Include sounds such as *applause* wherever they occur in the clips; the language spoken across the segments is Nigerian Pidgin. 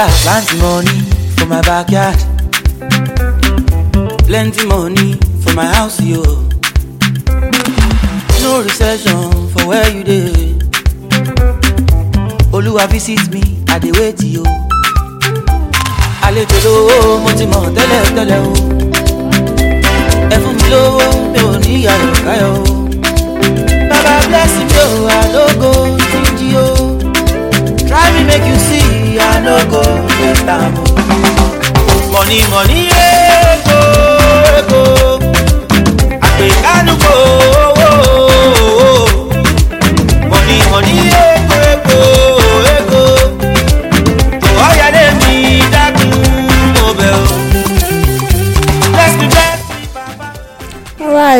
Father, plenty money for my backyard. Plenty money for my house, yo. No recession for where you dey. Oluwa visit me, I dey wait yo. Àlejò lówó mo ti mọ̀ tẹ́lẹ̀ tẹ́lẹ̀ o. Ẹ fún mi lówó mi ò ní ìyá ìrọ̀káyọ̀ o. Bàbá bless me o, àlógo ti ń jí o. try me make you see i no go get am money money ego eh, ego eh, àgbẹ̀kánu kò owó oh, oh, oh, money money ego. Eh.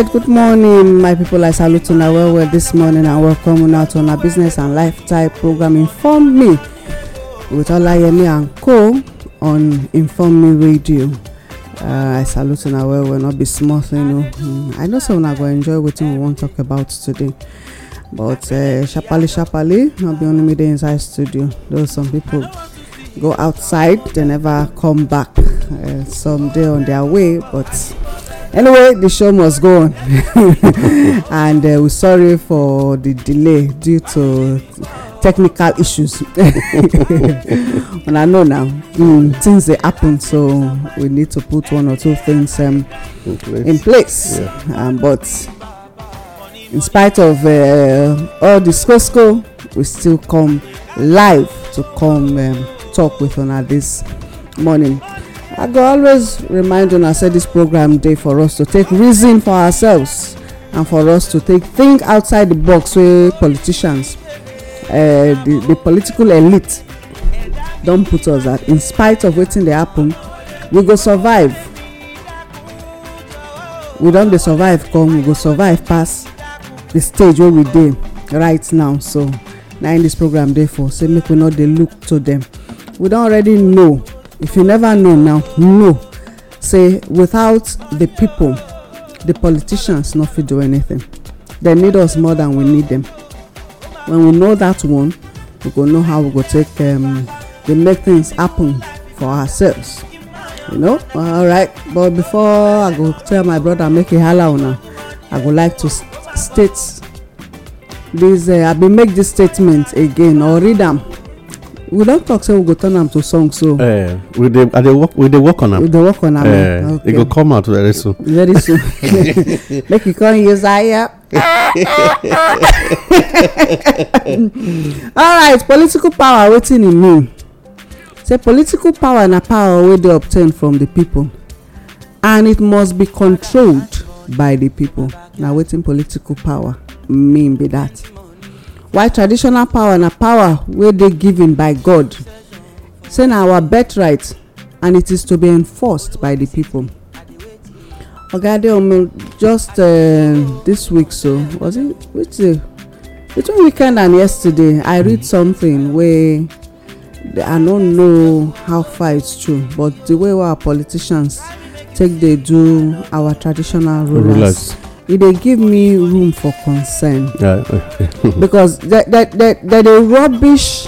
right good morning my people i salute una well well this morning and welcome una to una business and lifestyle program inform me with olayemi and co on inform me radio uh, i salute una well well no be small thing o mm, i know say una go enjoy wetin we wan talk about today but uh, sharparly sharparly no be only me dey inside studio though some people go outside they never come back uh, some dey on their way but anyway the show must go on *laughs* and uh, we're sorry for the delay due to technical issues and *laughs* i know now mm, things they happen so we need to put one or two things um, in place, in place. Yeah. Um, but in spite of uh, all the sco we still come live to come um, talk with on this morning i go always remind una say this program dey for us to take reason for ourselves and for us to take think outside the box wey politicians eh, the the political elite don put us at. in spite of wetin dey happen we go survive we don dey survive come we go survive pass the stage wey we dey right now so na in this program dey for say make we no dey look to dem we don already know if you never know now know say without the people the politicians no fit do anything they need us more than we need them when we know that one we go know how we go take um, dey make things happen for ourselves you know all right but before i go tell my brother make he hala una i go like to state this uh, i bin make this statement again or read am we don talk say we go turn am to song so eh we dey work on am we dey work on am eh e go come out very soon very soon *laughs* *laughs* make you come use aya *laughs* right. political power wetin e mean say political power na power wey dey obtained from di pipo and it must be controlled by di pipo na wetin political power mean be dat while traditional power na power wey dey given by god say na our birthright and it is to be enforced by the people. oga adeomu just um, this week so was it which day between weekend and yesterday i read mm. something wey i no know how far its true but the way our politicians take dey do our traditional rulers e dey give me room for concern *laughs* *laughs* because they dey rubbish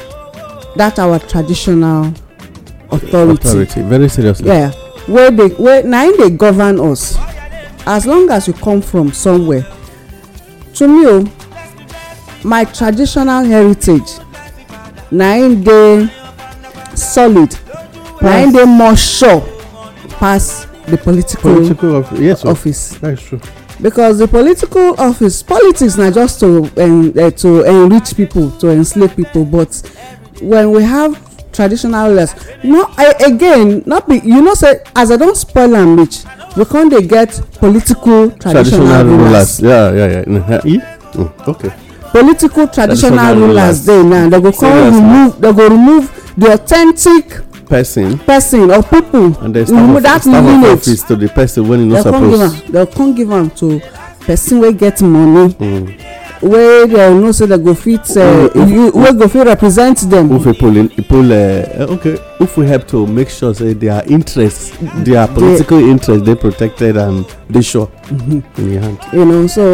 that our traditional authority authority very seriously yeah wey na im dey govern us as long as you come from somewhere to me o oh, my traditional heritage na im dey solid na im dey more sure pass the political, political office. Yes, oh. office. That is true because the political office politics na just to en uh, to enrich people to enslave people but when we have traditional rulers no I, again not be you know say as i don spoil am reach we come dey get political traditional, traditional rulers. rulers yeah yeah yeah mm -hmm. mm, okay. political traditional, traditional rulers dey now dem go come remove dem go remove the authentic person. person or people. and then staff of staff of office to the person wey e no suppose. dem come give am to person wey get money. Mm. wey dem know say dem go fit uh, mm, wey go fit represent dem we pull in, pull uh, uh, okay if we help to make sure say their interest, their political interest, dey protected and dey sure mm-hmm. in your hand you know so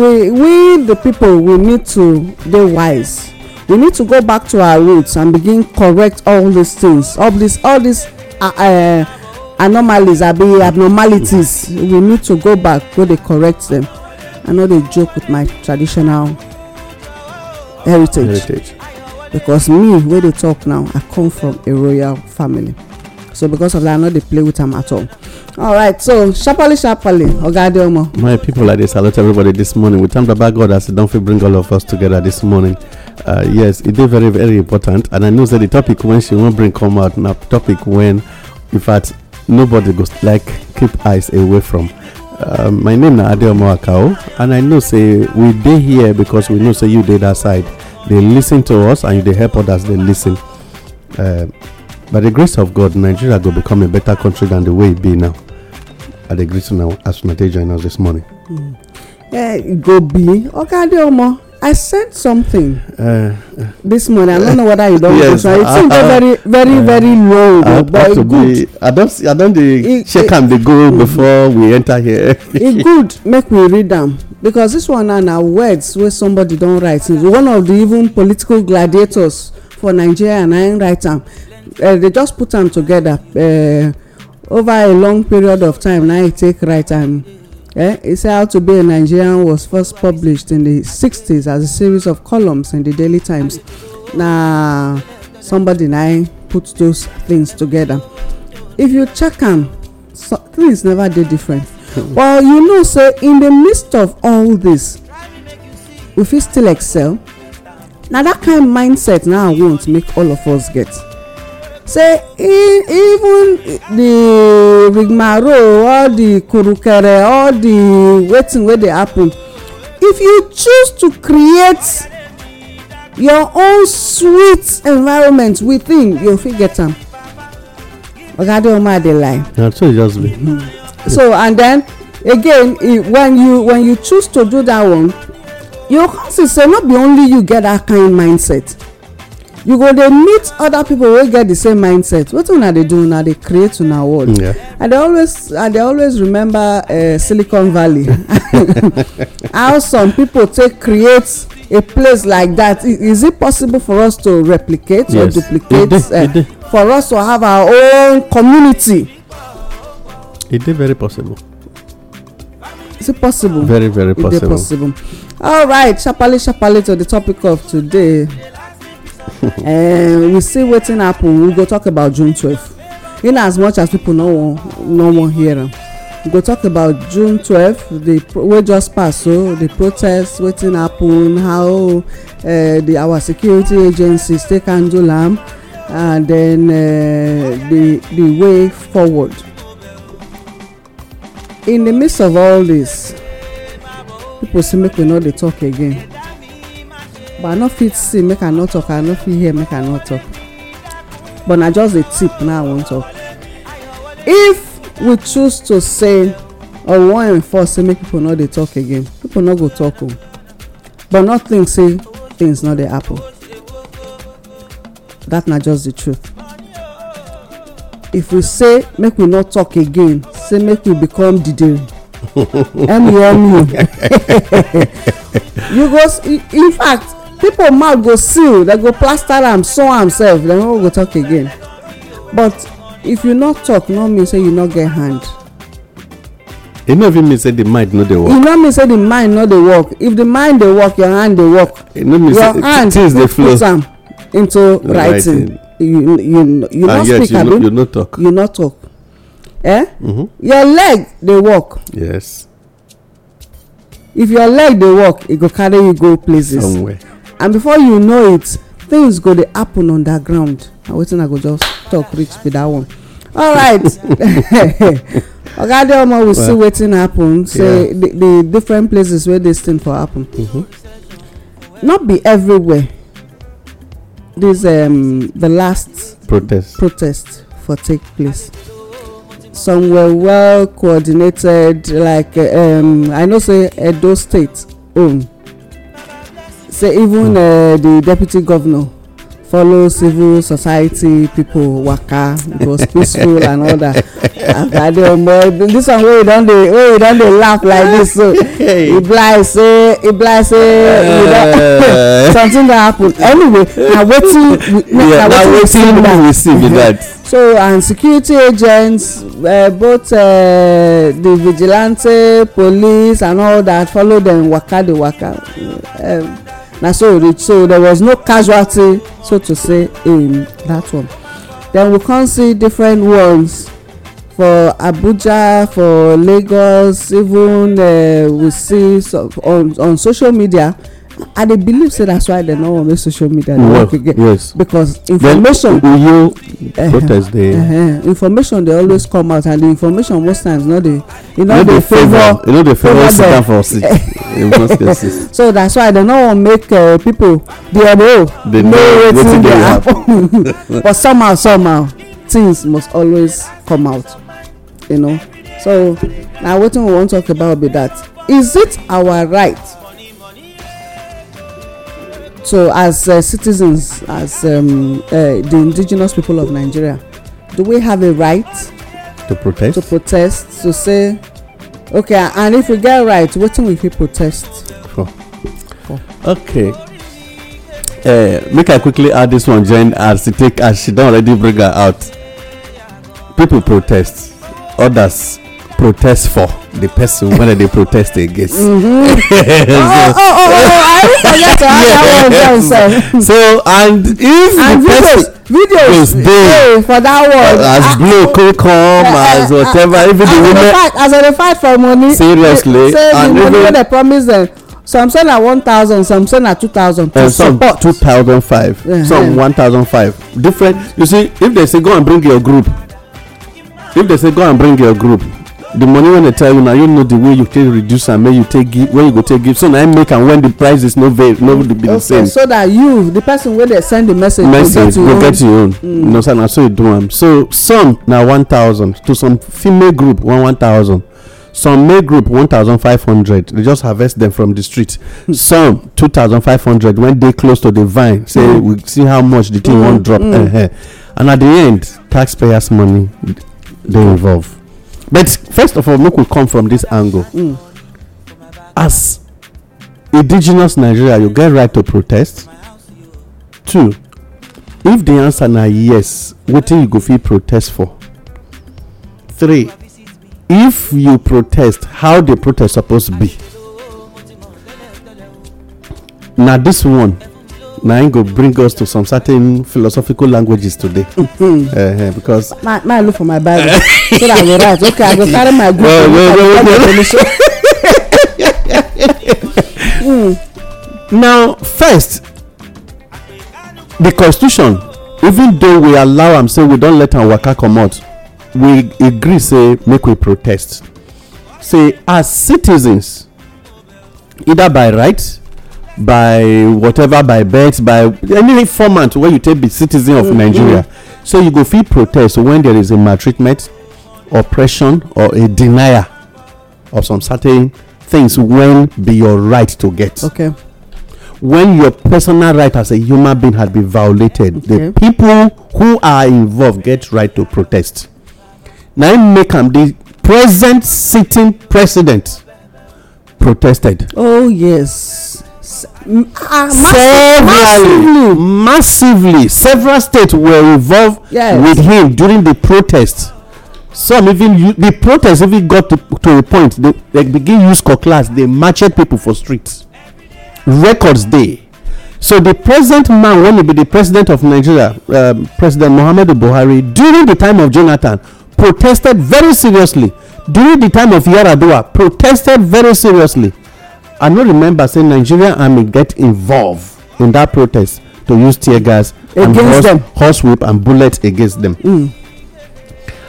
we we the people we need to dey wise we need to go back to our roots and begin correct all these things all these all these uh, uh, anomalies abi abnormalities we need to go back go dey correct them i no dey joke with my traditional heritage, heritage. because me wey dey talk now i come from a royal family so because of that i no dey play with am at all all right so sharparly sharparly oga adeomo. my people i dey salute everybody this morning we thank baba god as he don fit bring all of us together this morning Uh, yes, it is very, very important. And I know that the topic when she won't bring come out now, topic when, in fact, nobody goes like keep eyes away from. Uh, my name is Adeomo Akao, and I know say we dey here because we know say you did that side. They listen to us, and they help others. They listen. Uh, by the grace of God, Nigeria will become a better country than the way it be now. I agree to now as una dey join us this morning. Mm. Eh, go be Oga Adeomo. I said something uh, uh, this morning. I don't know whether you don't yes, listen. It seemed very, very, uh, very low, I, but it good. Be, I don't, I don't the check on the goal before we enter here. it good. Make me read them because this one are now words where somebody don't write. It's one of the even political gladiators for Nigeria and I write them. Uh, eh, they just put them together uh, over a long period of time. Now I take write them. Eh? It said How to Be a Nigerian was first published in the 60s as a series of columns in the Daily Times. Now, somebody I put those things together. If you check them, so, things never did different. *laughs* well, you know, say in the midst of all this, we fit still excel. Now that kind of mindset now won't make all of us get say e- even the rigmarole all the kurukere all the wetin wey dey happen if you choose to create your own sweet environment within you fit get am oga adeoma dey lie na so e just be *laughs* so and then again when you when you choose to do that one you come see say no be only you get that kind mindset you go dey meet other people wey get the same mindset wetin una dey do una dey create una world i dey always i dey always remember eh, silicon valley *laughs* how some people take create a place like that is it possible for us to replicate or duplicate eh, for us to have our own community e dey very possible is it possible very very possible e dey possible all right sharparly sharparly to the topic of today *laughs* Eh, we see wetin happen we go talk about june twelve in as much as people no wan no wan hear am we go talk about june twelve the wey just pass so the protest wetin happen how uh, the our security agencies take handle am and then uh, the the way forward in the midst of all this people say make we no dey talk again but i no fit see make i no talk i no fit hear make i no talk but na just a tip na i wan talk if we choose to say or we wan enforce say make people no dey talk again people no go talk o oh. but no think say things no dey happen that na just the truth if we say make we no talk again say make we become didere emu emu you go in fact People mouth go seal They go plaster am sew am sef dem no go talk again but if you no talk no mean say you no get hand e no even mean say the mind no dey work e no mean say the mind no dey work if the mind dey work your hand dey work e your hand fit put am into writing you you you ah, no speak abi and yet you no talk you no talk eh mm-hmm. your leg dey work yes if your leg dey work e go carry you go places somewhere and before you know it things go dey happen underground na wetin i go just talk reach be that one all right *laughs* oga adeoma we see wetin happen say the different places wey this thing for happen mm-hmm. not be everywhere This um, the last protest protest for take place some were well coordinated like um, i know say edo state own say even hmm. uh, the deputy governor follow civil society people waka it was *laughs* peaceful and all that after i dey omo this one wey oh, oh, you don dey laugh like this so e blind say e blind say you don *laughs* something don happen anyway na wetin we see be that so and security agents uh, both uh, the vigilante police and all that follow dem waka dey waka um, na so e reach so there was no casualty so to say in that one then we come see different ones for abuja for lagos even uh, we see some on on social media i dey believe say that's why dem no wan make social media work again yes because information oyo uh-huh. protest dey uh-huh. information dey always come out and the information most times no dey e no dey favour e no dey favour sit down for seat *laughs* in most cases so that's why dem no wan make uh, people dey know know wetin dey happen *laughs* but somehow somehow things must always come out you know so na wetin we wan talk about be that is it our right so as uh, citizens as um, uh, the indigenous people of nigeria do we have a right to protest to protest to say okay and if we get right wetin we fit protest for for okay uh, make i quickly add this one join as she take as she don already bring her out people protest others protest for the person when they protest against. Mm-hmm. *laughs* so, oh, oh, oh, oh, I forget that one So, and if and the videos, person videos is there for that one, as ah, blue could come, uh, as ah, ah, whatever, uh, even the women. as a fight for money, seriously, say and the money even, they promise them. some say na one thousand some say na two thousand. and eh, some two thousand five eh, some eh. one thousand five different you see if they say go and bring your group if they say go and bring your group the money wey dem tell you na you know the way you take reduce am make you take give when you go take give so na im make am when the prices no vary no be the same. okay so that you the person wey dey send the message message go get your own you mm. know na so you do am so some na one thousand to some female group one one thousand some male group one thousand five hundred they just harvest them from the street hmm. some two thousand five hundred when dey close to the vine say mm. we see how much the thing mm. drop mm. and at the end taxpayers money dey hmm. involved but first of all make we come from this angle mm. as indigenous nigeria you get right to protest two if the answer na yes wetin you go fit protest for three if you protest how the protest suppose be na this one na im go bring us to some certain philosophical languages today uh, *laughs* because. ma ma look for my bible so that i go write okay i go carry my group well, well, well, well, well. *laughs* Mm. now first the constitution even though we allow am say we don let am waka comot we agree say make we protest say as citizens either by right by whatever by birth by any format wey you take be citizen of mm-hmm. nigeria so you go fit protest when there is a maltreatment oppression or a denial of some certain things when be your right to get okay when your personal right as a human being had been violated the people who are involved get right to protest Now, im make am the present sitting president protested oh yes uh, ah, severally massively several states were involved yes. with him during the protests some even the protest even got to, to a point they, they begin use cutlass they marched people for streets records day so the present man when he be the president of nigeria um, president muhammadu buhari during the time of jonathan protested very seriously during the time of yaradua protested very seriously i no remember say nigerian army get involved in that protest to use tear gas and horse horse whip and bullet against dem hmm.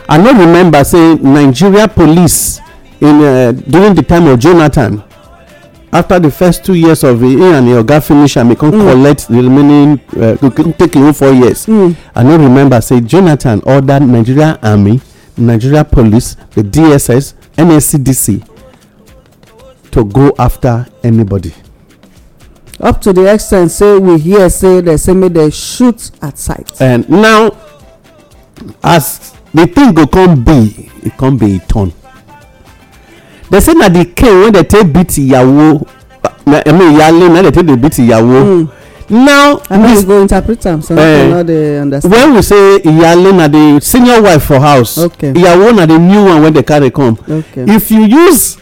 i no remember say nigeria police in uh, during the time of jonathan after the first two years of him and your oga finish and e con collect the remaining uh, take him four years hmm. i no remember say jonathan order nigeria army nigeria police the dss nscdc to go after anybody up to the extent say we hear say dem say make dem shoot at sight and now as the thing go come be e come be e turn dem say na the cane wey dem take beat yahoo i mean iyale na dem take dey beat yahoo hmm. now i know you go interpret am so i eh, no dey uh, understand when we say iyale na the senior wife for house iyawo na the new one wey dey carry come if you use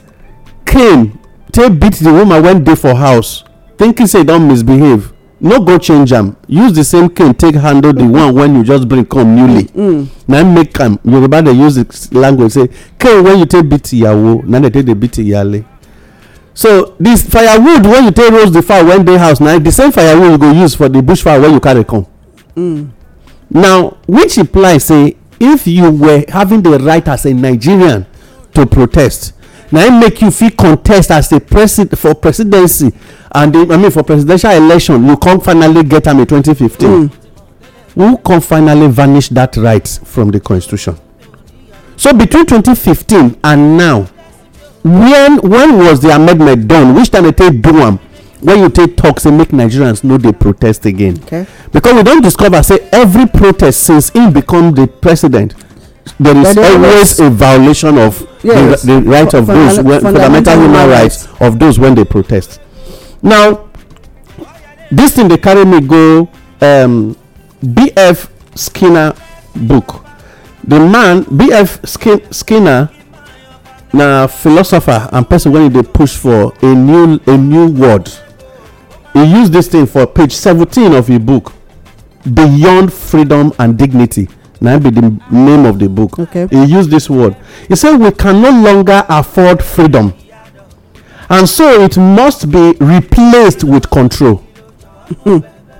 cane take beat the woman when dey for house thinking say e don misbehave no go change am use the same cane take handle the one when you just bring come newly na im mm, mm. make am yoruba dey use the language say cane wey you take beat iyawo na dey take dey beat iyale so dis firewood wey you take roast the fowl when dey house na the same firewood you go use for the bush fowl wey you carry come. Mm. now which implies say if you were having the right as a nigerian to protest na im make you fit contest as a president for presidency and i mean for presidential election you come finally get am in 2015 mm. who come finally vanish that right from the constitution so between 2015 and now when when was the amendment done which time dey take do am when you take talk say make nigerians no dey protest again because we don discover say every protest since im become di president there is always a violation of yes. the, the right of those when, fundamental human rights of those when they protest. Now, this thing they carry me go um, B.F. Skinner book. The man B.F. Skin, Skinner, na philosopher and person when they push for a new a new word. He used this thing for page seventeen of his book, Beyond Freedom and Dignity now be the name of the book okay. he used this word he said we can no longer afford freedom and so it must be replaced with control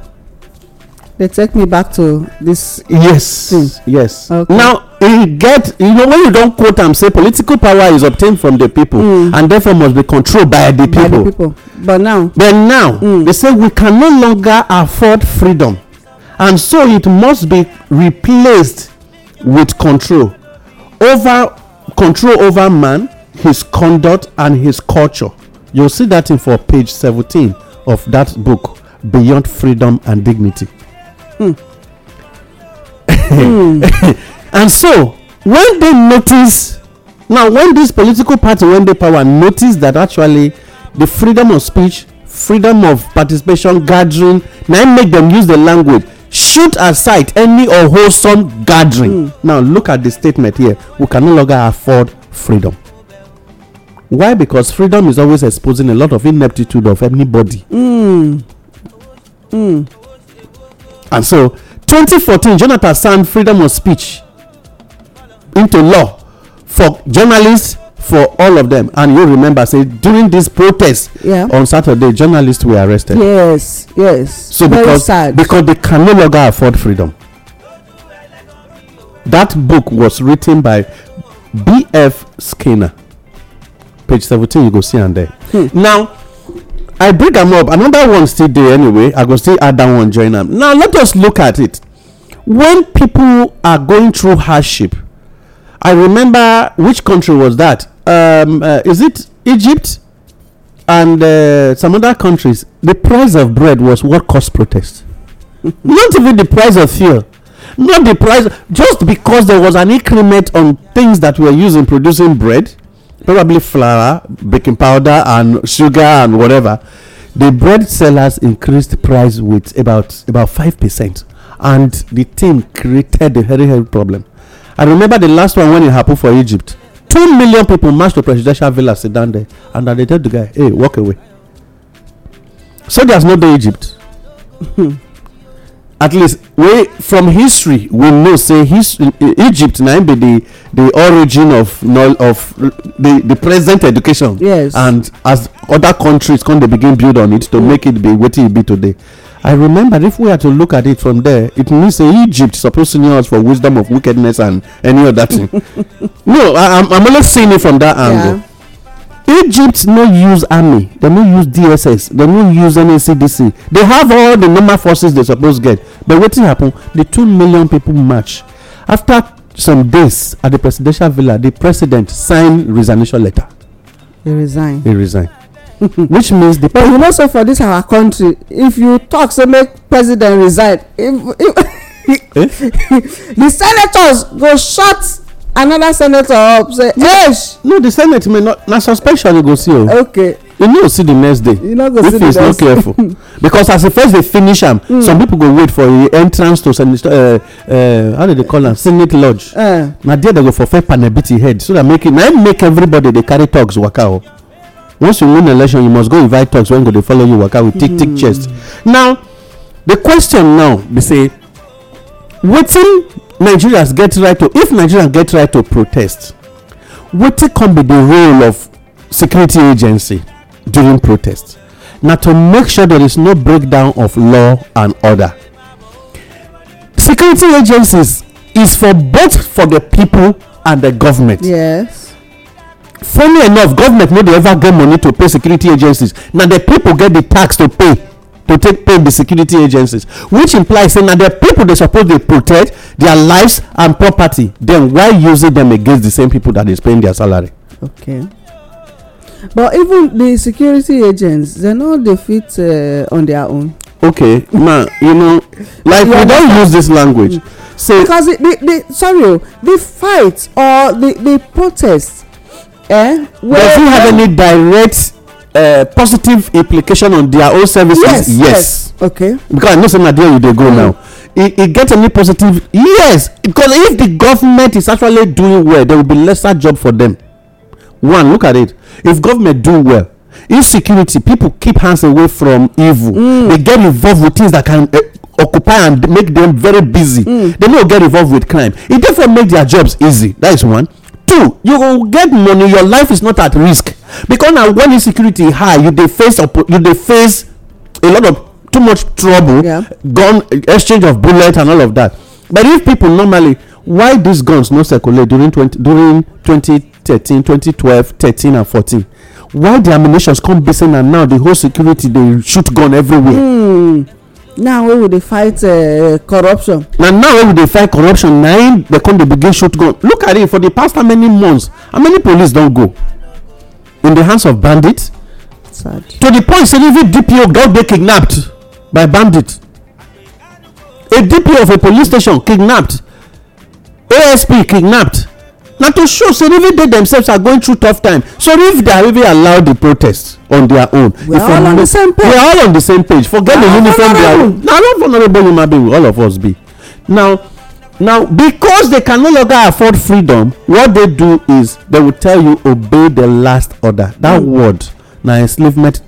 *laughs* they take me back to this yes thing. yes okay. now he get you know when you don't quote him, say political power is obtained from the people mm. and therefore must be controlled by the people, by the people. but now but now mm. they say we can no longer afford freedom and so it must be replaced with control over control over man his conduct and his culture you'll see that in for page 17 of that book beyond freedom and dignity hmm. mm. *laughs* and so when they notice now when this political party when they power notice that actually the freedom of speech freedom of participation gathering now make them use the language shoot aside any unwholesome gathering. Mm. Now, look at the statement here we can no longer afford freedom. Why? Because freedom is always exposing a lot of ineptitude of anybody. Mm. Mm. And so, 2014, Jonathan signed freedom of speech into law for journalists for all of them and you remember say during this protest on saturday journalists were arrested yes yes so because because they can no longer afford freedom that book was written by bf skinner page seventeen. you go see am there hmm. now i bring am up another one still dey anyway i go still add that one join am now let us look at it when people are going through hardship i remember which country was that um, uh, is it Egypt and uh, some other countries? The price of bread was what caused protests. *laughs* not even the price of fuel, not the price, just because there was an increment on things that were used in producing bread, probably flour, baking powder, and sugar and whatever. The bread sellers increased the price with about about five percent, and the team created a very heavy problem. I remember the last one when it happened for Egypt two million people marched to presidential villa sit down there and then they tell the guy hey walk away So there's no dey egypt *laughs* at least we, from history we know say egypt now. im be the the origin of of the the present education yes and as other countries come they begin build on it to mm. make it be what it be today I remember if we are to look at it from there, it means Egypt supposed to know us for wisdom of wickedness and any other thing. *laughs* no, I, I'm only seeing it from that angle. Yeah. Egypt no use army, they no use DSS, they no use any CDC. They have all the normal forces they supposed get. But what happened? The two million people march. After some days at the presidential villa, the president signed resignation letter. He resigned. He resigned. *laughs* which means the. but you know so for this our country if you talk say make president resign if if *laughs* eh? the senators go shut another senator up say yes. no the senate may not na suspension you go see o. Oh. okay. you no see the next day you no go see the next day if he's not careful *laughs* because as the first dey finish am mm. some people go wait for the entrance to senate uh, uh, how do they call am senate lodge uh. na there they go for fair panel beat him head so that make it na him make everybody dey carry talks waka o. Oh once you win election you must go invite talks wey go dey follow you waka with thick thick hmm. chest now the question now be say wetin nigerians get right to if nigerians get right to protest wetin come be the role of security agency during protest na to make sure there is no breakdown of law and order security agencies is for both for the people and the government yes funny enough government no dey ever get money to pay security agencies na the people get the tax to pay to take pay the security agencies which imply say na the people dey suppose dey protect their lives and property Then why using them against the same people that dey spend their salary okay but even the security agents dem no dey fit uh, on their own okay ma you know like we don use this language mm. say because the the sorry o oh, the fight or the the protest eh, well, does it have any direct uh, positive implication on their own services yes yes, yes. okay because i know say na there you dey go mm. now e e get any positive yes because if the government is actually doing well there will be lesser job for them one look at it if government do well insecurity people keep hands away from evil mm. they get involved with things that can uh, occupy and make them very busy mm. they no get involved with crime e therefore make their jobs easy that is one two you go get money your life is not at risk because na when insecurity high you dey face you dey face a lot of too much trouble gun exchange of bullet and all of that but if people normally why these guns no circulate during twenty during twenty thirteen, twenty twelve, thirteen and fourteen? why the ammunitions come basing and now the whole security dey shoot gun everywhere. Mm now wey we dey fight corruption na now wey we dey fight corruption na im dem come dey begin shoot gun look at it for the past how many months how many police don go in the hands of bandits Sad. to the point say even dpo don dey kidnapped by bandits a dpo of a police station kidnapped asp kidnapped na to show say even they themselves are going through tough time so if they are even allowed the protest on their own we are all on the same page we are all on the same page forget the uniform they are na not vulnerable human being all of us be now now because they can no longer afford freedom what they do is they will tell you obey the last order that mm. word na enslavement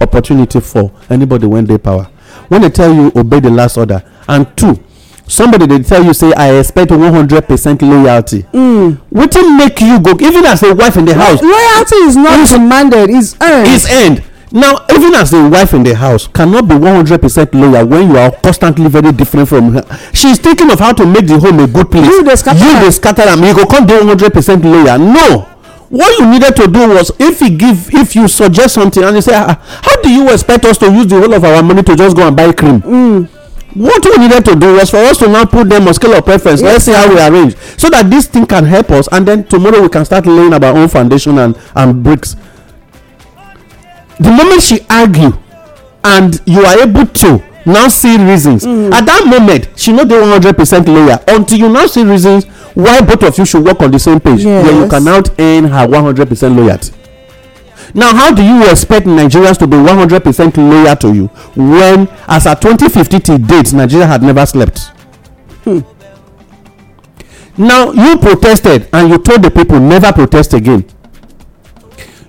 opportunity for anybody when dey power when they tell you obey the last order and two somebody dey tell you say i expect one hundred percent loyalty. Mm. wetin make you go even as a wife in the house. loyalty is not is, demanded it's earned. it's earned now even as a wife in the house cannot be one hundred percent loyal when you are constantly very different from her she is thinking of how to make the home a good place. you dey scatter you dey scatter am you go come dey one hundred percent loyal no what you needed to do was if he give if you suggest something and you say ah, ah how do you expect us to use the whole of our money to just go and buy cream. Mm what we needed to do was for us to now put them on scale of preference yes. let's see how we arrange so that this thing can help us and then tomorrow we can start laying our own foundation and and bricks the moment she argue and you are able to now see reasons mm. at that moment she no dey one hundred percent loyal until you now see reasons why both of you should work on the same page yes. where you can now earn her one hundred percent loyalty. Now, how do you expect Nigerians to be 100% loyal to you when, as at 2050 date, Nigeria had never slept? Hmm. Now, you protested and you told the people never protest again.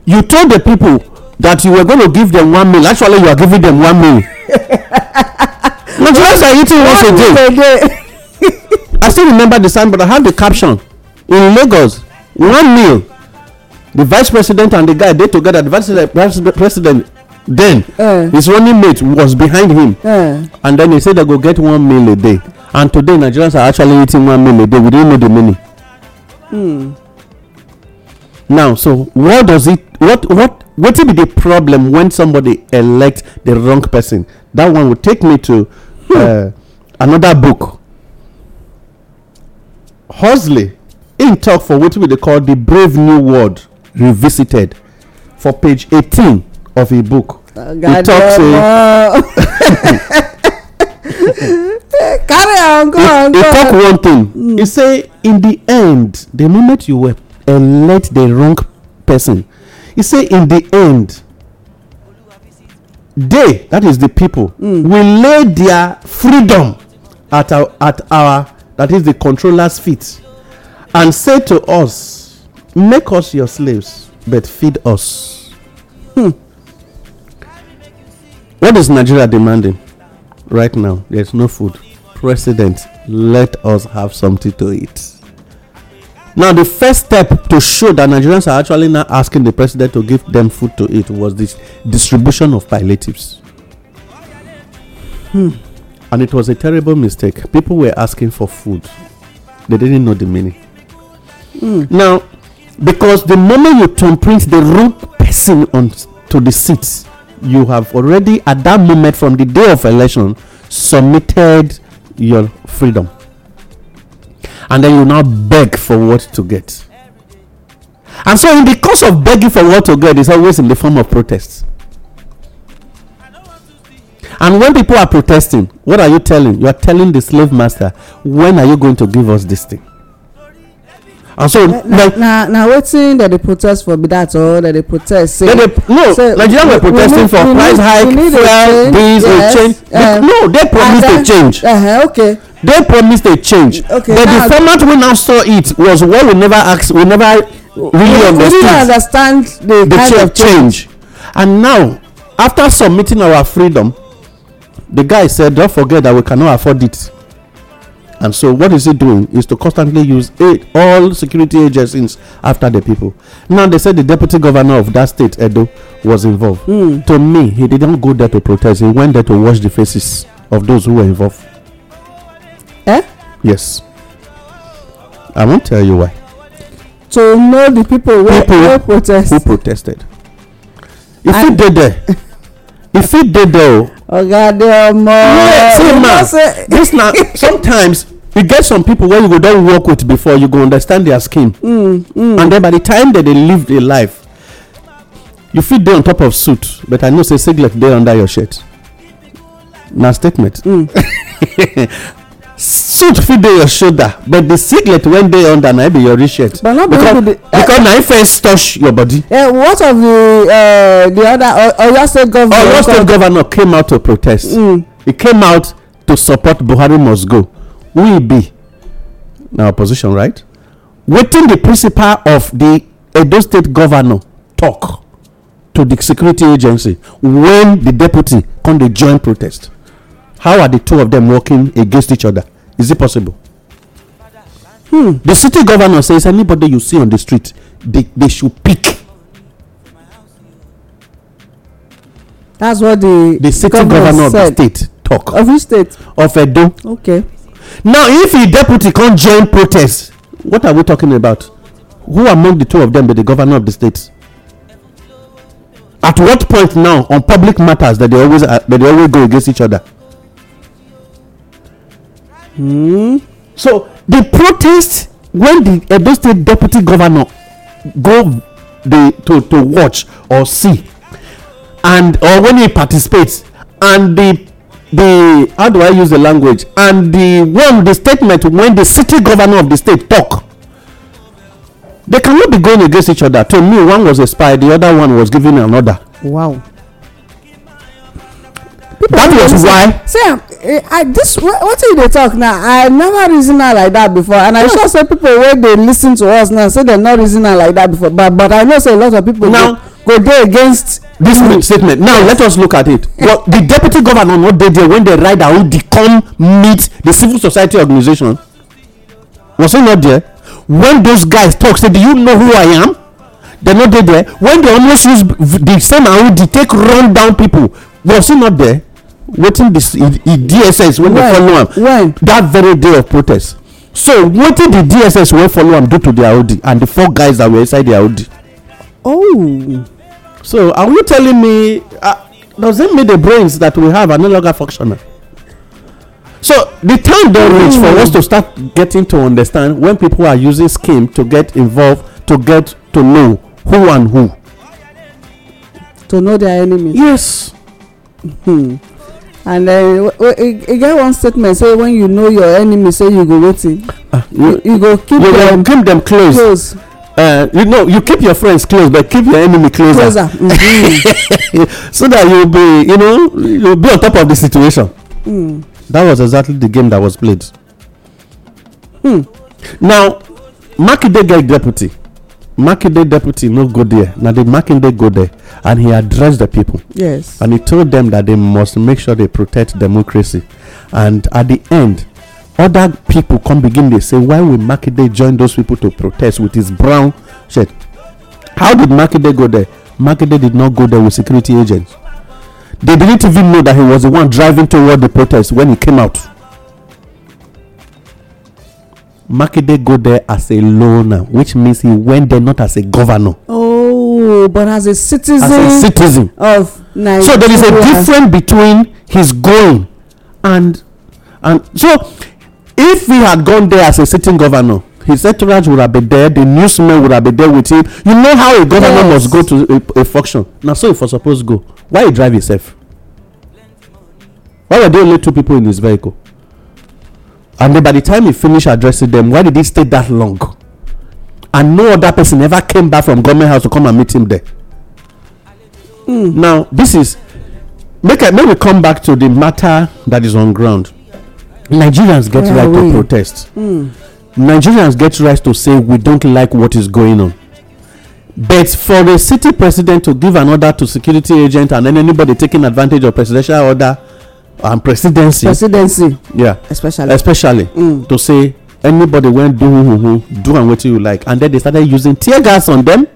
You told the people that you were going to give them one meal. Actually, you are giving them one meal. Nigerians *laughs* are eating once a day. *laughs* I still remember the sign, but I have the caption in Lagos one meal the vice president and the guy dey together the vice president then eh. his running mate was behind him eh. and then he say they go get one meal a day and today nigerians are actually eating one meal a day we don't know the meaning hmm. now so what does it what what wetin be the problem when somebody elect the wrong person That one will take me to hmm. eh, another book Horsley im talk for wetin we dey call the brave new world revisited for page 18 of a book It talks. say *laughs* carry on go on go It e talk one thing e say in the end the moment you were elect the wrong person you say in the end they that is the people hmm. will lay their freedom at our at our that is the controllers feet and say to us make us your slaves but feed us hmm. what is nigeria demanding right now There's no food president let us have something to eat now the first step to show that nigerians are actually now asking the president to give them food to eat was this distribution of palliatives hmm. and it was a terrible mistake people were asking for food they didn't know the meaning mm. now because the moment you turn thumbprint the wrong person on to the seat you have already at that moment from the day of election submitted your freedom and then you now beg for what to get and so in the course of begging for what to get is always in the form of protest and when people are protesting what are you telling you are telling the slave master when are you going to give us this thing and so like na na wetin dem dey protest for be that or dem dey protest say no nigerians were protesting for price hike fuel diesel change eh. no they promised a change uh-huh, okay. they promised a change Okay. but the format we now saw it was what we never ask we never really We didn't understand the kind of change and now after submitting our freedom the guy said don't forget that we cannot afford it And so, what is it doing? Is to constantly use aid, all security agencies after the people. Now, they said the deputy governor of that state, Edo, was involved. Mm. To me, he didn't go there to protest, he went there to wash the faces of those who were involved. Eh? Yes. I won't tell you why. To know the people, people who protested. Who protested. If he did there, e fit dey there o oga dey omo see ma this na *laughs* sometimes you get some people wey you go don work with before you go understand their skin mm, mm. and then by the time dem dey live their life you fit dey on top of suit but i know say singlet dey under your shirt na statement mm. *laughs* suit fit dey your shoulder but the singlet wey dey under na e be your rich shirt uh, because na im e first touch your body. Uh, what of the uh, the other oyo state governor. oyo state governor came out to protest. Mm. he came out to support buhari must go we be na opposition right wetin the principal of the edo state governor talk to the security agency when the deputy come dey join protest how are the two of them working against each other Is it possible? Hmm. The city governor says anybody you see on the street, they, they should pick. That's what the the city governor, governor of the state talk. Of which state? Of Edo. Okay. Now, if the deputy can't join protest, what are we talking about? Who among the two of them be the governor of the state? At what point now on public matters that they always uh, that they always go against each other? Hmm. So the protest when the Edo State deputy governor go the to to watch or see and or when he participates and the the how do I use the language and the one the statement when the city governor of the state talk they cannot be going against each other to me one was a spy the other one was giving an order. wow. People that was why. say um, i this wetin you dey talk now i never reason am like that before and i sure say people wey dey lis ten to us now say dem no reason am like that before but but i know say a lot of people now go dey against this mm. statement now yes. let us look at it well the deputy governor no dey there when the rider who dey come meet the civil society organization was he not there when those guys talk say do you know who i am they no dey there when they almost use the same awudi take run down people was he not there wetin be e dss wey dey follow am that very day of protest so wetin di dss wey follow am do to di audi and the four guys that were inside di audi. oh so are you telling me uh, does it mean the brains that we have are no longer functional. So the time don't mm. reach for us to start getting to understand when people are using scheme to get involved, to get to know who and who. To know their enemies. Yes. Hmm and then uh, e get one statement say when you know your enemy say you go wetin ah, you go keep them keep dem close uh, you know you keep your friends close but keep your enemy closer, closer. Mm -hmm. *laughs* so that you'll be you know you'll be on top of the situation mm. that was exactly the game that was played mm. now makinde get deputy Makinde deputy no go there. Now the Makinde go there and he addressed the people. Yes. And he told them that they must make sure they protect democracy. And at the end, other people come begin they say, why will Makinde join those people to protest with his brown shirt? How did Makinde go there? Makinde did not go there with security agents. They didn't even know that he was the one driving toward the protest when he came out. Makinde go there as a loaner, which means he went there not as a governor. Oh, but as a citizen. As a citizen of Nigeria. So there is a difference between his going and and so if he had gone there as a sitting governor, his entourage would have been there, the newsmen would have been there with him. You know how a governor yes. must go to a, a function. Now, so if I suppose go, why he drive himself? Why were there only two people in his vehicle? and then by the time he finished addressing them why did he stay that long and no other person ever came back from government house to come and meet him there mm. now this is make i make we come back to the matter that is on ground nigerians get yeah, right we. to protest mm. nigerians get right to say we don't like what is going on but for a city president to give an order to security agent and then anybody taking advantage of presidential order and presidency presidency yeah especially especially mm. to say anybody wey do huhuhu do am wetin you like and then they started using tear gas on them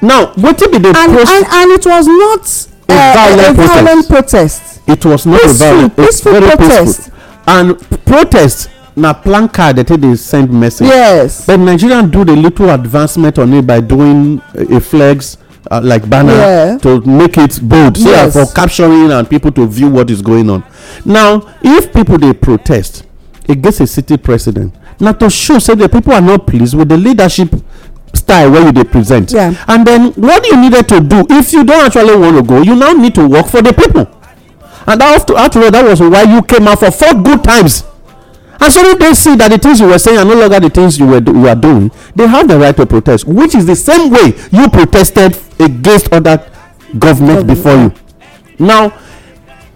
now wetin be the and, post and and it was not a uh, violent, a violent protest it was not peaceful, a violent peaceful very protest peaceful and protest na placard dey take dey send message yes but nigerians do the little advancement on it by doing uh, a, a flags uh, like banner yeah. to make it bold so yes. that for capturing and people to view what is going on now if people dey protest against a city president na to show say the people are not pleased with the leadership style wey you dey present yeah. and then what you needed to do if you don actually want to go you now need to work for the people and after after all that was why you came out for four good times And so they see that the things you were saying are no longer the things you were do, you are doing. They have the right to protest, which is the same way you protested against other government before you. Now,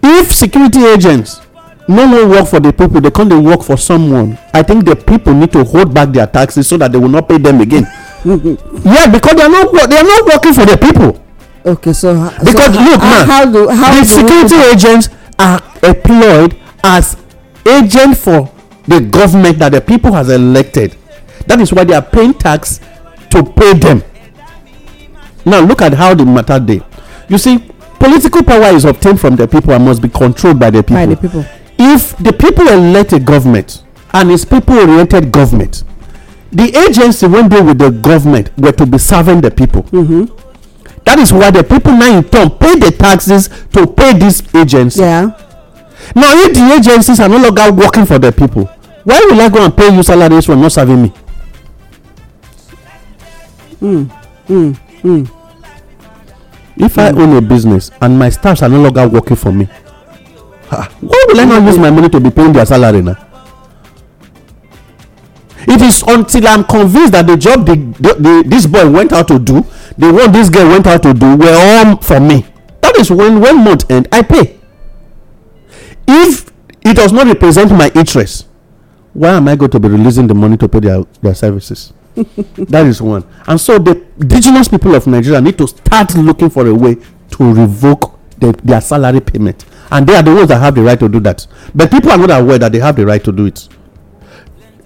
if security agents no one work for the people they come dey work for someone i think the people need to hold back their taxes so that they will not pay them again *laughs* yeah because they are not they are not working for the people okay so because so look man, how do how the security agents are employed as agent for the government that the people has elected. That is why they are paying tax to pay them. Now look at how the matter day. You see, political power is obtained from the people and must be controlled by the people. By the people. If the people elect a government and it's people-oriented government, the agency when they with the government were to be serving the people. Mm-hmm. That is why the people now in turn pay the taxes to pay this agency. Yeah now if the agencies are no longer working for the people why will i go and pay you salaries for not serving me. Mm, mm, mm. if i hmm. own a business and my staffs are no longer working for me ah why will i not use my money to be paying their salary na. it is until i'm convinced that the job the, the, the this boy went out to do the one this girl went out to do were all for me that is when when month end i pay if it does not represent my interest why am i going to be releasing the money to pay their, their services *laughs* that is one and so the indigenous people of nigeria need to start looking for a way to revoke the, their salary payment and they are the ones that have the right to do that but people are not aware that they have the right to do it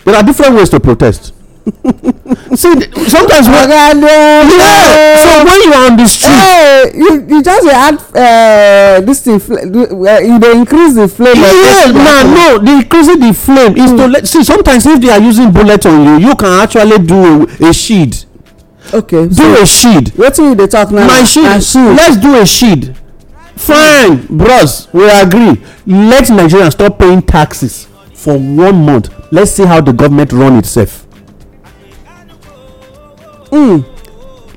there are different ways to protest *laughs* see sometimes when, yeah, on the street. Hey, you you just add uh, this thing uh, you dey increase the flame. yes na no the increasing the flame is mm. to hmm. let see sometimes if they are using bullet on you you can actually do a, a shield. okay do so a shield. wetin you dey talk now my shield, shield let's do a shield fine bros we agree let nigerians stop paying taxes for one month let's see how the government run itself. Mm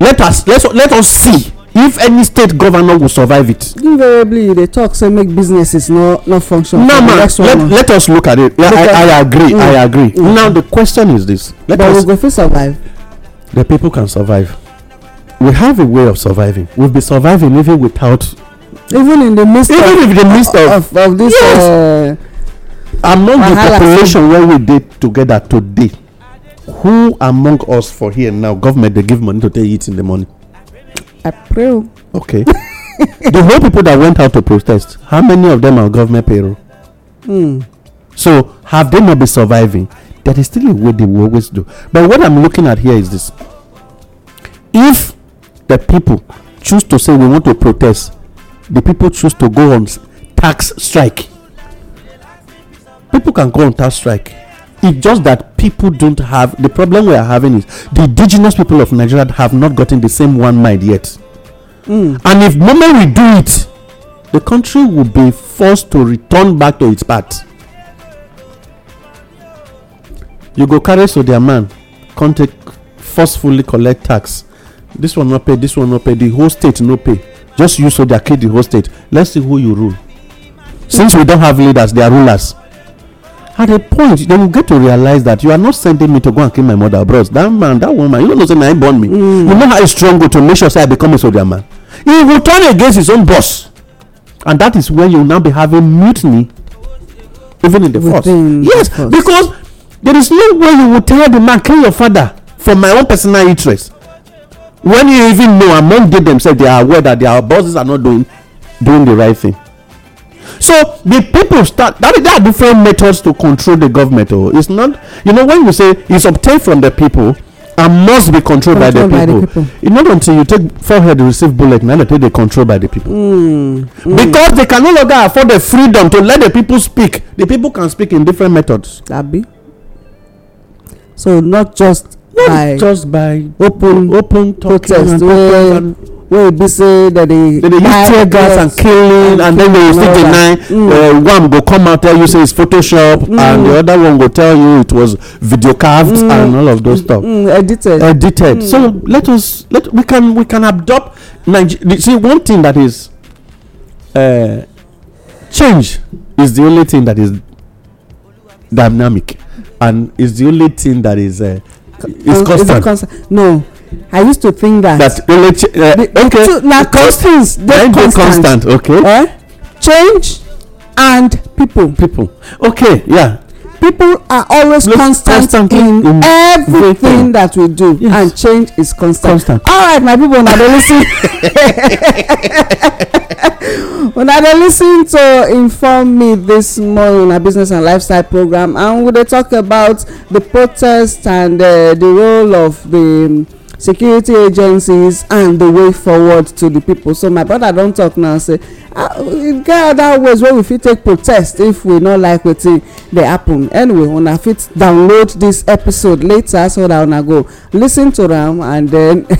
let us let us let us see if any state governor go survive it. invariably dey talk say make businesses no no function. now ma let let us look at it yeah, I, I agree mm. i agree mm. now the question is this. Let but us, we go fit survive. the people can survive we have a way of surviving we've been surviving even without. even in the midst even of the midst of of, of this. yes uh, among the population wey we dey together today who among us for here now government they give money to take eat in the morning i pray okay *laughs* the whole people that went out to protest how many of them are government payroll mm. so have they not been surviving that is still a way they will always do but what i'm looking at here is this if the people choose to say we want to protest the people choose to go on tax strike people can go on tax strike It's just that people don't have the problem we are having is the indigenous people of Nigeria have not gotten the same one mind yet. Mm. And if moment we do it, the country will be forced to return back to its path. You go carry so their man, contact forcefully collect tax. This one not pay, this one not pay, the whole state no pay. Just use so their kid the whole state. Let's see who you rule. Since we don't have leaders, they are rulers at a point dem get to realize that you are not sending me to go and kill my mother abroad that man that woman you no know say na him born me mm. you know how e strong to make sure say i become a soldier man he will turn against his own boss and that is when you now be having mutiny even in the force yes because there is no way you go tell the man kill your father for my own personal interest when you even know among they themselves they are aware that their bosses are not doing doing the right thing So the people start that there are different methods to control the government. Oh, it's not you know when you say it's obtained from the people and must be controlled, controlled by, the by, the people. It's not until you take forehead to receive bullet now that they control by the people. Mm, mm. Because they can no longer afford the freedom to let the people speak. The people can speak in different methods. That be. So not just not by just by open open talking protest, and open eh, wey be say dem dey they dey use tear gas and killing and then they still deny mm. uh, one go come out tell you say it's photoshop mm. and the other one go tell you it was video carved mm. and all of those stuff edited edited so let us let we can we can adopt see one thing that is uh, change is the only thing that is dynamic and is the only thing that is uh, is constant. no i used to think that that only uh, okay the two, na constants dey constant, constant okay eh? change and people people okay yeah people are always Look, constant, in, in everything in that we do yes. and change is constant. constant. all right my people una dey lis ten una *laughs* dey lis ten to inform me this morning na business and lifestyle program and we dey talk about the protest and uh, the role of the. Um, security agencies and the way forward to the people. so my brother don talk now say Uh, get other ways wey we fit take protest if we no like wetin dey happen anyway una fit download this episode later so that una go listen to am and then *laughs*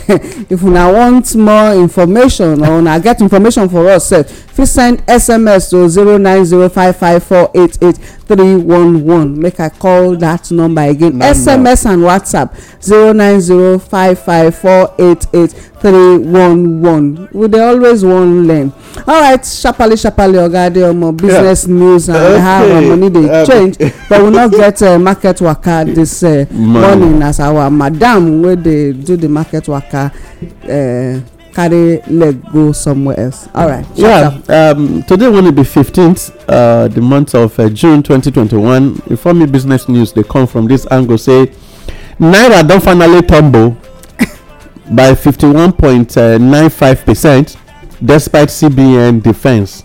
if una want more information or una get information for us sef fit send sms to zero zero nine five five four eight eight three one one. make i call that number again sms and whatsapp zero zero nine five five four eight eight three one one we dey always wan learn All alright sharparly sharparly oga adeomo business news uh, and how our money dey um, change *laughs* but we no get uh, market waka dis uh, morning as our madam wey dey do the market waka carry leg go somewhere else All right. yeah um, today wey be fifteenth? uh, The month of june 2021 inform me business news dey come from this angle say naira don finally tumble by fifty-one point nine five percent despite CBN defence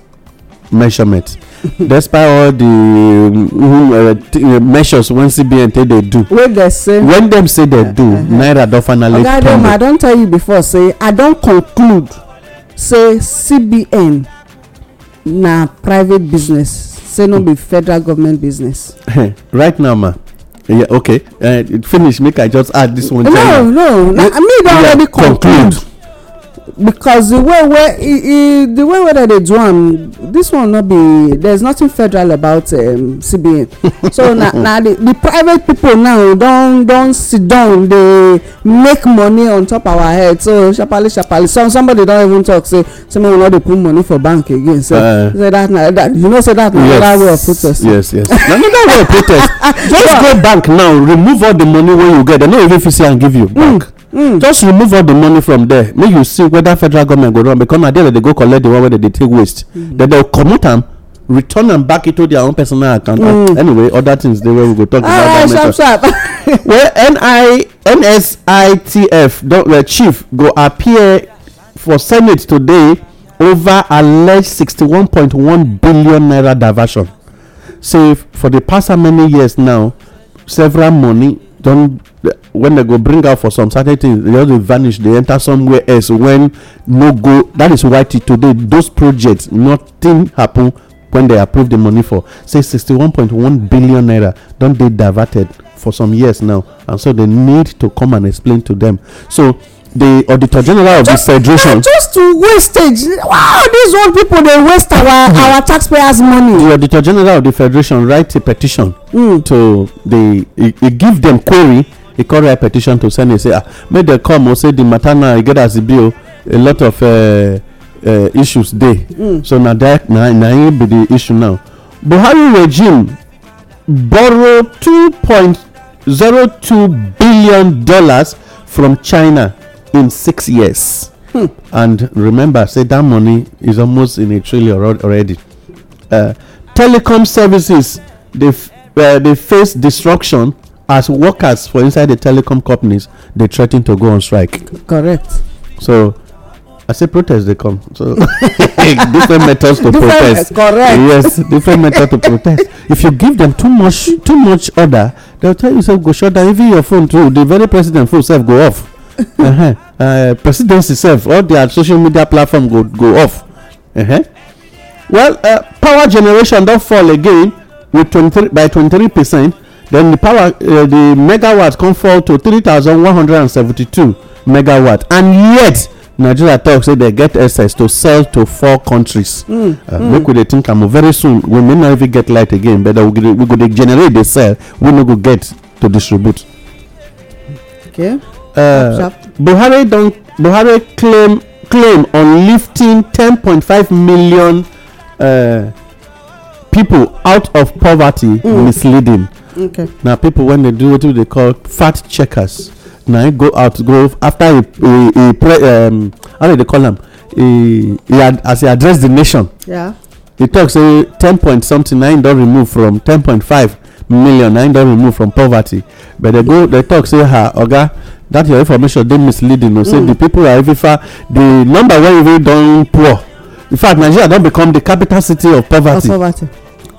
measurement. *laughs* despite all the um, um uh, uh, measures when CBN take they do. Wey dey say. When dem say they do, Naira don finally turn. Oga Adoma, I don tell you before say I don conclude say CBN na private business say no be hmm. federal government business. *laughs* right now ma yeah, okay uh, finish make i just add this one. no no na me don already conclude. conclude because the way wey the way wey dem dey do am this one no be there is nothing federal about um, cbn so *laughs* na na the the private people now don don sit down dey make money on top our head so sharparly sharparly some somebody don even talk say say make we no dey put money for bank again so uh, say that na that you know say that na yes, way of protest. yes yes na another way of protest *laughs* just go bank now remove all the money wey you get dem no even fit see am give you back. Mm. Hmm. just remove all the money from there May you see whether federal government go run because na there they go collect the one where they take waste hmm. Then they'll commute them, return am back into their own personal account hmm. anyway other things dey wey we go talk about ah, that *laughs* well nsitf chief go appear for senate today over alleged 61.1 billion naira diversion say for the past how many years now several money Don't when they go bring out for some certain things they just vanish they enter somewhere else when no go that is why today those projects nothing happen when they approve the money for say 61.1 billion naira don't they diverted for some years now and so they need to come and explain to them so the auditor general of just, the federation. just to wastage wow these old people dey waste our hmm. our taxpayers money. the auditor general of the federation write a petition. Mm. to the he, he give them query he call write petition to senate say ah make dem come o say the matter now e get as e be o oh, a lot of uh, uh, issues dey. Mm. so na that na na im be the issue now. buhari regime borrow two point zero two billion dollars from china in six years. Hmm. And remember, I said that money is almost in a trillion already. Uh, telecom services, they, f- uh, they face destruction as workers for inside the telecom companies, they threaten to go on strike. Correct. So I say protest they come. So *laughs* different methods to different, protest. Correct. Yes, different method to protest. If you give them too much too much order, they'll tell you so go shut down even your phone too. The very president phone go off. *laughs* Uh-huh. Eh, presidency sef all their social media platform go go off uh-huh. well uh, power generation don fall again with 23 by 23 percent then the power uh, the megawatt come fall to 3172 megawatt and yet nigeria tok say they get access to sell to four countries hmm, uh, hmm. make we dey think am very soon we may not even get light again but we go dey generate dey sell we no go get to distribute okay Uh, Buhari don Buhari claim claim on lifting 10.5 million uh, people out of poverty mm. misleading. Okay. Now people when they do what they call fact checkers. Now go out go after he he a pre, um, how do they call them? He, he ad, as he address the nation. Yeah. He talks say ten point something nine don remove from ten point five million nine don remove from poverty but they go they talk say ha oga that your information dey misleading o say mm. the people are even far the number wey even don poor in fact nigeria don become the capital city of poverty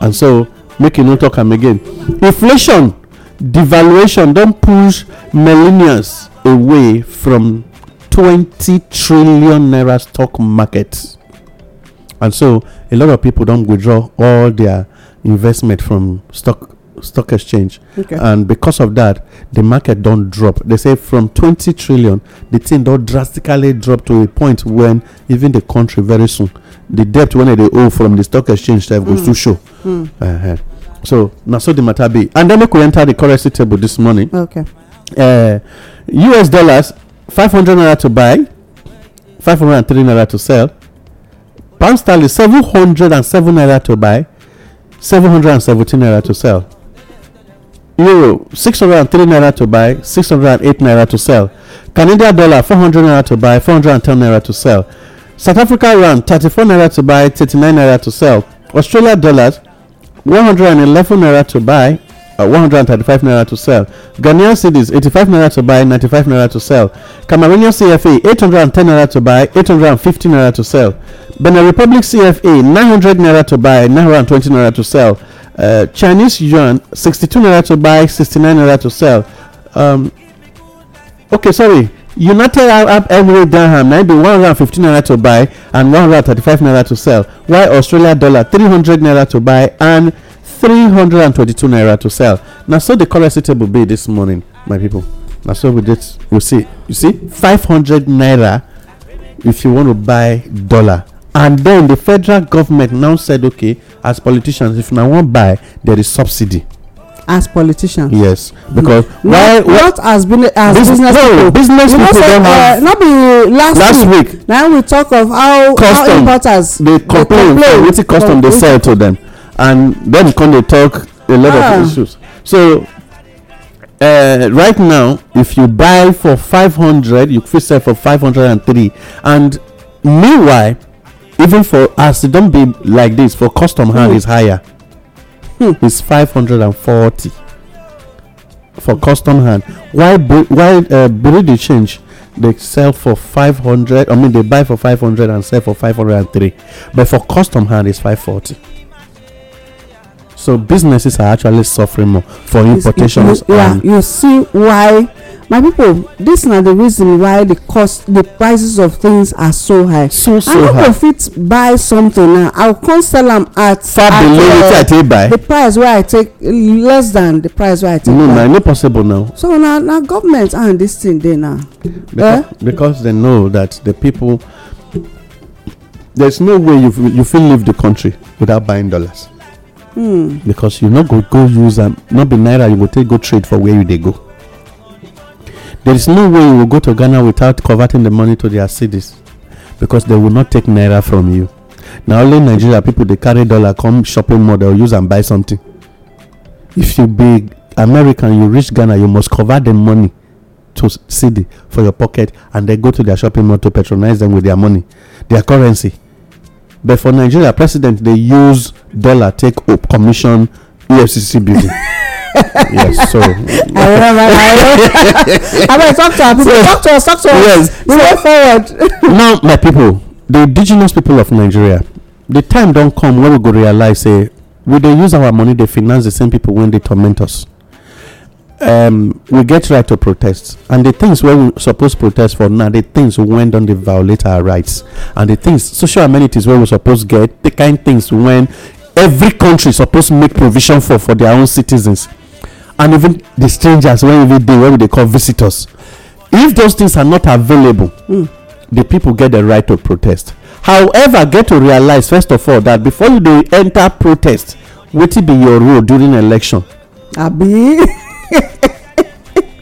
and so make you no talk am again inflation devaluation don push millennials away from twenty trillion naira stock market and so a lot of people don withdraw all their investment from stock stock exchange okay. and because of that the market don't drop they say from twenty trillion the thing don't drastically drop to a point when even the country very soon the debt when they owe from the stock exchange that mm. goes to mm. show mm. uh-huh. so na so the matter be and then we could enter the currency table this morning okay uh, us dollars five hundred naira to buy five hundred and 503 naira to sell pound sterling seven naira to buy seven hundred and seventeen naira to sell euro 603 naira to buy 608 naira to sell canadian dollar 400 naira to buy 410 naira to sell south africa rand 34 naira to buy 39 naira to sell australia dollars 111 naira to buy uh, 135 naira to sell ghanaian cedis 85 naira to buy 95 naira to sell cameroonian cfa 810 naira to buy 850 naira to sell benin republic cfa 900 naira to buy 920 naira to sell Uh, Chinese yuan, 62 naira to buy, 69 naira to sell. Um, okay, sorry. United Arab Emirates dirham, 90, 115 naira to buy and 135 naira to sell. Why Australia dollar, 300 naira to buy and 322 naira to sell. Now, so the currency table be this morning, my people. Now, so we did, we see, you see, 500 naira if you want to buy dollar and then the federal government now said okay as politicians if na wan buy there is subsidy. as politicians. yes because. Mm. why What has been as, business people. no business people don have. Uh, no be last, last week. Now we talk of how custom, how importers. they complain for wetin custom they sell to them and then come they talk a lot ah. of issues so uh, right now if you buy for 500 you fit sell for 503 and meanwhile even for us, it don't be like this for custom hand hmm. is higher hmm. It's 540 for custom hand why why uh, bury the change they sell for 500 i mean they buy for 500 and sell for 503 but for custom hand is 540 so businesses are actually suffering more for importations yeah you see why my people this na the reason why the cost the prices of things are so high so so high i no go fit buy something now i go come sell am at far at, below wetin i uh, take buy the price wey i take less than the price wey i take no, buy no na e no possible now so na na government and this thing dey now. because eh? because they know that the people there's no way you you fit leave the country without buying dollars. Mm. because you no go go use am um, no be naira you go take go trade for where you dey go. There is no way you will go to Ghana without converting the money to their cedis, because they will not take naira from you. Now only Nigeria people they carry dollar come shopping mall they'll use and buy something. If you be American, you reach Ghana, you must convert the money to cedi for your pocket and they go to their shopping mall to patronize them with their money, their currency. But for Nigeria president, they use dollar take up commission EFCC building. *laughs* yes, so. I remember. I remember. I mean, talk to our people. So, talk to us. Talk to us. Yes. We went forward. now, my people, the indigenous people of Nigeria, the time don't come when we go realize, say, eh, we they use our money, they finance the same people when they torment us. Um, we get right to protest, and the things where we supposed to protest for now, the things when don't they violate our rights, and the things social amenities where we supposed to get the kind things when every country supposed to make provision for for their own citizens and even the strangers wey even dey wey we dey call visitors if those things are not available mm. the people get the right to protest however get to realize first of all that before you dey enter protest wetin be your role during election abi *laughs*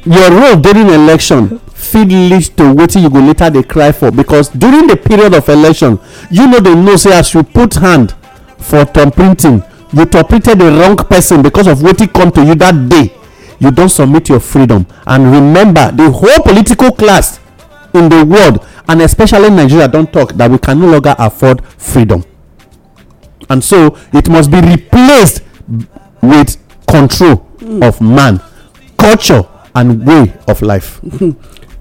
your role during election fit lead to wetin you go later dey cry for because during the period of election you no dey know say as you put hand for thumb printing you torpedoed the wrong person because of wetin come to you that day you don submit your freedom and remember the whole political class in the world and especially nigeria don talk that we can no longer afford freedom and so it must be replaced with control mm. of man culture and way of life. *laughs*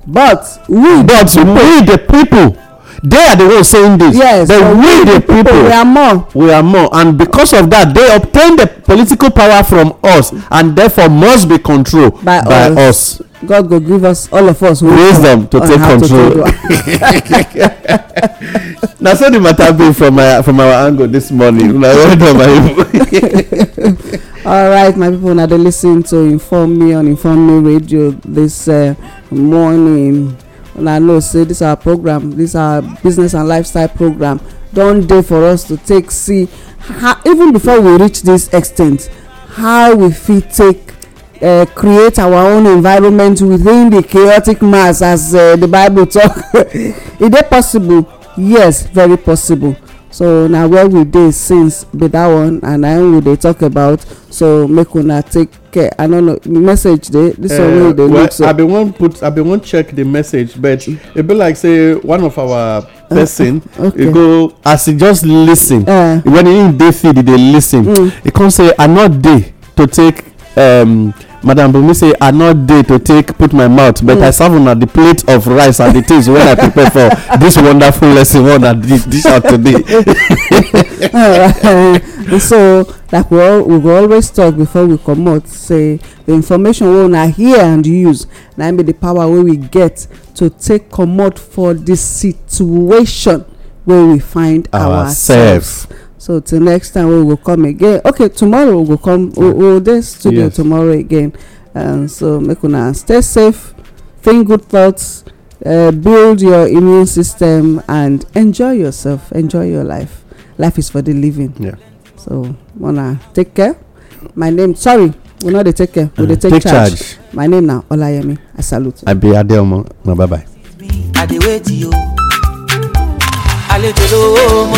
but we but we the people they are the ones saying this yes but we the people, people we are more we are more and because of that they obtain the political power from us and therefore must be controlled by, by us. us God go give us all of us raise them to take control. *laughs* na so the matter be from my from our angle this morning una well done my people. *laughs* all right my people na dey lis ten to inform me on inform me radio this uh, morning. I know say this our program This our business and lifestyle program don dey for us to take see how even before we reach dis extent how we fit take eh, create our own environment within the chaotic mass as eh, the bible talk *laughs* e dey possible yes very possible so na where we dey since be dat one and na we dey talk about so make una take care i no know message dey this one wey you dey uh, look so i bin wan put i bin wan check the message but e be like say one of our uh, person e go as e just listen uh. when e dey feed e dey listen e come say i no dey to take um, madam bumi say i no dey to take put my mouth but mm. i serve una the plate of rice and the things wey i prepare for this wonderful lesson wey una dish out today *laughs* so like we go always talk before we comot say the information wey una hear and use na be the power wey we get to take comot for the situation wey we find ourselves so till next time we will come again okay tomorrow we will come we will dey studio tomorrow again and um, so make una stay safe think good thoughts uh, build your immune system and enjoy yourself enjoy your life life is for the living yeah so wanna take care my name sorry we no dey take care we dey uh-huh. take charge my name na olayemi i salute i be adeomo na bye bye